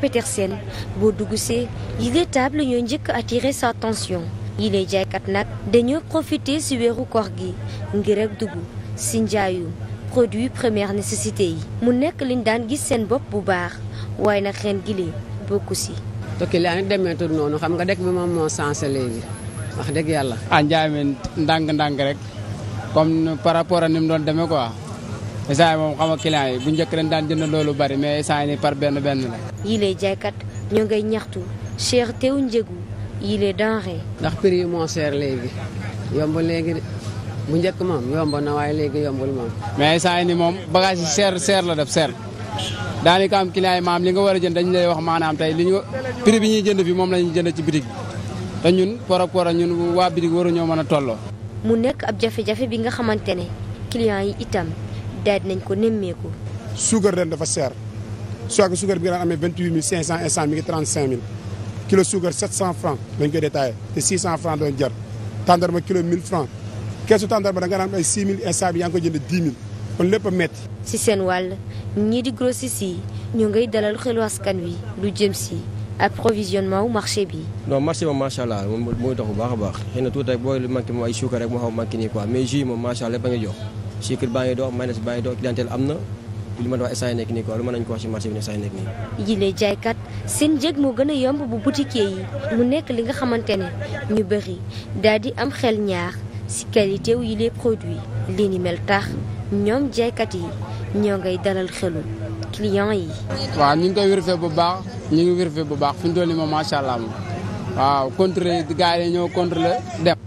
Petersen boo dugg see yile table ñoo njëkk attirer sa attention yile jaaykat nag dañoo profiter ci weeru koor gi ngir ak dugg ci njaayu produit première nécessité yi. mu nekk li liñ daan gis seen bopp bu baax waaye nag xeen gi lee bokku ci. tokki laa nag demeetul noonu xam nga dëkk bi moom moo sensé léegi wax dëgg yàlla. ah njaay mi ndàng ndànk rek comme par rapport ak ni mu doon demee quoi. essence moom xam nga client yi bu njëkk leen daan jënd loolu bari mais essence ni par benn benn la. yii lay jaaykat ñu ngay ñaxtu cherté wu njëgu yii lay denrée. ndax prix yi moo cher léegi yombul léegi de bu njëkk moom yomb na waaye léegi yombul moom. mais essence ni moom bagage yi cher cher la def cher daanaka am client yi maam li nga war a jënd dañu lay wax maanaam tey li ñu prix bi ñuy jënd fii moom la ñuy jënd ci bitig te ñun par rapport ak ñun waa bitig waruñoo mën a tolloo. mu nekk ab jafe bi nga xamante ne client yi itam. daal nañ ko nemmeeku. suukar ren dafa seer soit que suukar bi nga amee vingt huit mille cinq cent instant mi ngi trente cinq mille kilo suukar sept cent franc lañ koy détaillé te six cent franc doon jar tàndarma kilo mille franc keesu six mille instant bi yaa ngi ko jënd kon lépp a métti. si seen wàll ñii di grossistes yi ñu ngay dalal xelu askan wi lu jëm si. approvisionnement wu marché bi. non marché moom macha mooy dox baax a baax xëy na tuuti booy lu manqué moom ay suukar rek moo xaw manqué nii quoi mais jus moom macha a ngi jox. sucre baa ngi dox mayonnaise baa ngi dox clientèle am na li ma la wax instant yii nekk nii quoi lu mën nañu ko wax ci marché bi instant yii nekk nii. yile jaaykat seen njëg moo gën a yomb bu boutiquier yi mu nekk li nga xamante ne ñu bëri daal di am xel ñaar si qualité wu yile produit lii ni mel tax ñoom jaaykat yi ñoo ngay dalal xelu client yi. waa ñu ngi koy vérifier bu baax ñu ngi vérifier bu baax fi ñu toll nii moom macha allah waaw contrôler gars yi ñoo contrôler dem.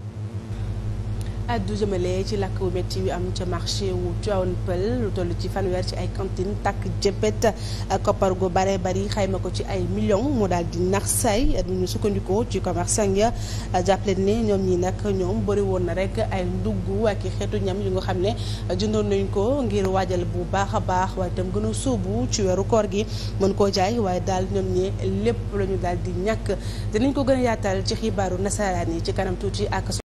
addu jëmale ci lakk wu métti yu am ca marché wu Tivaouane Peulh lu toll ci fanweer ci ay cantine takk jëppet koppar gu bare bari xayma ko ci ay millions moo daal di nax say duñu ñu sukkandikoo ci commerçant ya jàppale ne ñoom ñi nag ñoom bëri woon na rek ay ndugg ak i xeetu ñam yu nga xam ne jëndoon nañ ko ngir waajal bu baax a baax waaye itam gën a sóobu ci weeru koor gi mën koo jaay waaye daal ñoom ñi lépp la ñu daal di ñàkk nañ ko gën a yaatal ci xibaaru nasaraan yi ci kanam tuuti ak